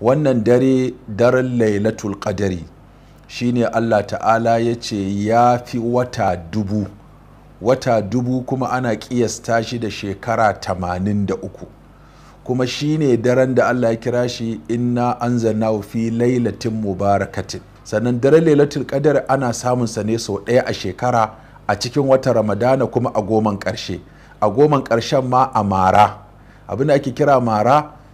wannan dare daren lailatul qadari shine allah ta'ala ya ce ya fi wata dubu wata dubu kuma ana ƙiyasta shi da shekara tamanin da uku, kuma shine daren da allah ya kira shi inna anzalnahu fi lailatin mubarakatin sannan daren lailatul qadar ana samun sa ne sau ɗaya a shekara a cikin wata ramadana kuma a goman ƙarshe a goman ƙarshen ma a mara abin da ake kira mara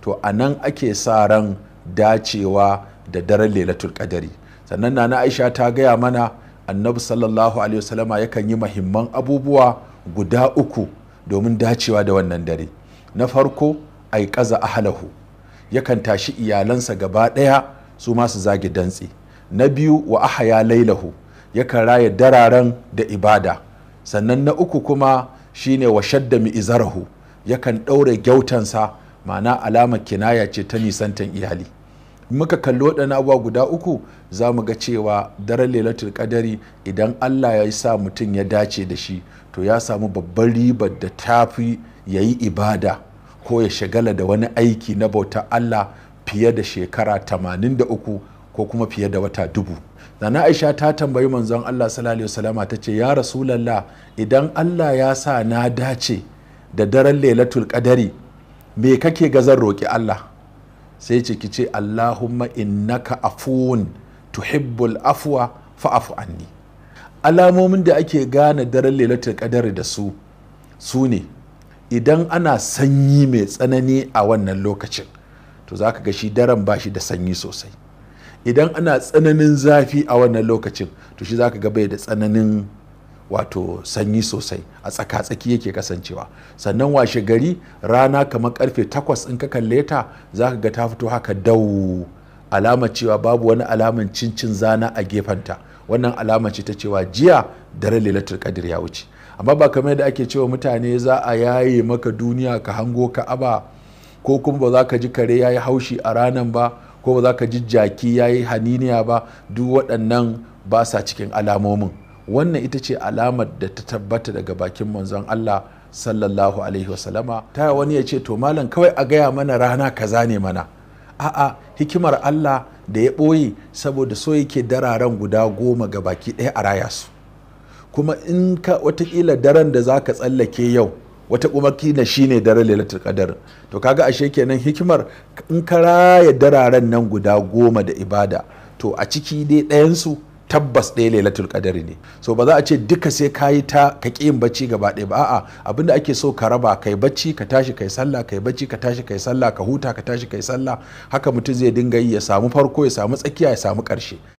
to a nan ake sa ran dacewa da daren lailatul qadari sannan na aisha ta gaya mana annabi sallallahu alaihi wasallama yakan yi mahimman abubuwa guda uku domin dacewa da wannan dare na farko ai kaza ahlahu yakan tashi iyalansa gaba ɗaya su masu zagi dantsi. na biyu wa ahaya lailahu yakan raya dararen da ibada sannan na uku kuma shine wa shadda mi'izarahu yakan ɗaure gyautansa ma'ana alamar kinaya ce ta nisantan iyali muka kalli waɗannan abuwa guda uku za mu ga cewa daren lailatul kadari idan allah ya sa mutum ya dace da shi to ya samu babban ribar da tafi ya yi ibada ko ya shagala da wani aiki na bauta allah fiye da shekara tamanin 83 ko kuma fiye da wata dubu nana aisha ta tambayi manzon allah salama ta ce ya rasulallah idan allah ya sa na dace da daren lailatul kadari me kake ga zan roƙi Allah sai ce ki ce Allahumma innaka afuwun tuhibbul afuwa fa'afu anni alamomin da ake gane daren lailatul kadar da su su ne idan ana sanyi mai tsanani a wannan lokacin to za ka ga shi daren ba shi da sanyi sosai idan ana tsananin zafi a wannan lokacin to shi za ka ga bai da tsananin wato sanyi sosai a tsaka-tsaki yake kasancewa sannan washe gari rana kamar karfe 8 in ka kalle ta za ka ga ta fito haka dau alama cewa babu wani alaman cincin zana a gefenta wannan alama ce ta cewa jiya dare lailatul kadir ya wuce amma ba kamar da ake cewa mutane za a yaye maka duniya ka hango ka aba ko kuma ba za ka ji kare yayi haushi a ranan ba ko ba za ka ji jaki yayi haniniya ba duk waɗannan ba sa cikin alamomin wannan ita ce alamar da ta tabbata daga bakin manzon Allah sallallahu alaihi wasallama ta wani ya ce to malam kawai a gaya mana rana kaza ne mana a'a hikimar Allah da ya ɓoye saboda so yake dararen guda goma ga baki ɗaya a raya su kuma in ka watakila daren da za ka tsallake yau wata kuma kila shine daren lalata qadar to kaga ashe kenan hikimar in ka raya dararen nan guda goma da ibada to a ciki dai ɗayansu tabbas ɗaya lailatul qadari ne so ba za a ce duka sai ka yi ta ka ƙi yin bacci gaba ɗaya ba a'a abinda ake so ka raba kai bacci ka tashi kai sallah kai bacci ka tashi kai sallah ka huta ka tashi kai sallah haka mutum zai dinga yi ya samu farko ya samu tsakiya ya samu ƙarshe